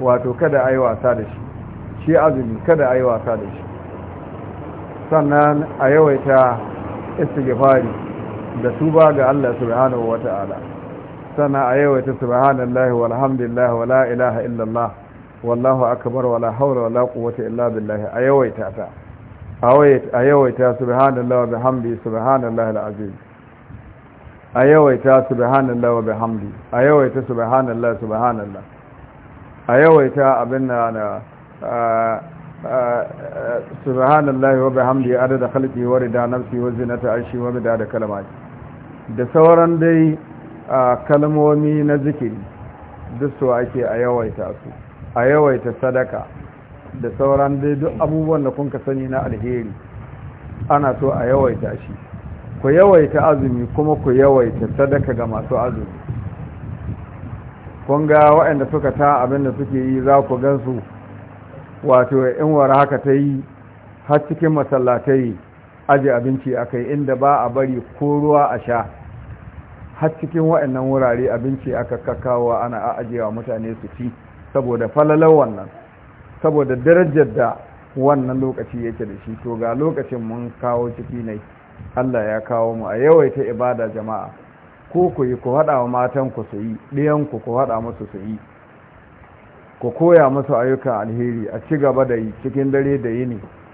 wato kada a yi wasa da shi shi azumi kada a yi wasa da shi sannan a yawaita istighfari da tuba ga Allah subhanahu wa ta'ala sannan a yawaita subhanallahi walhamdulillahi wala ilaha illallah wallahu akbar wala hawla wala quwwata illa billah a yawaita ta a yawaita subhanallahi wa bihamdi subhanallahi alazim a yawaita subhanallahi wa bihamdi a yawaita subhanallahi subhanallahi a yawaita abin na na subhanallahi wa bihamdi adada khalqi wa rida nafsi wa zinata arshi wa da kalamati da sauran dai kalmomi na zikiri duk su ake a yawaita su a yawaita sadaka da sauran dai duk abubuwan da kun ka sani na alheri ana so a yawaita shi ku yawaita azumi kuma ku yawaita sadaka ga masu azumi kun ga waɗanda suka ta abin da suke yi za ku gansu wato in wara haka ta yi har cikin masallatai aji abinci akai inda ba a bari ko ruwa a sha har cikin waɗannan wurare abinci aka kakawa ana ajiyewa mutane su ci saboda falalar wannan saboda darajar da wannan lokaci yake da shi to ga lokacin mun kawo ciki ne Allah ya kawo mu a yawaita ibada jama'a ko ku yi ku haɗa wa matanku su yi ɗiyanku ku haɗa musu su ku koya musu ayyukan alheri a ci gaba da yi cikin dare da yini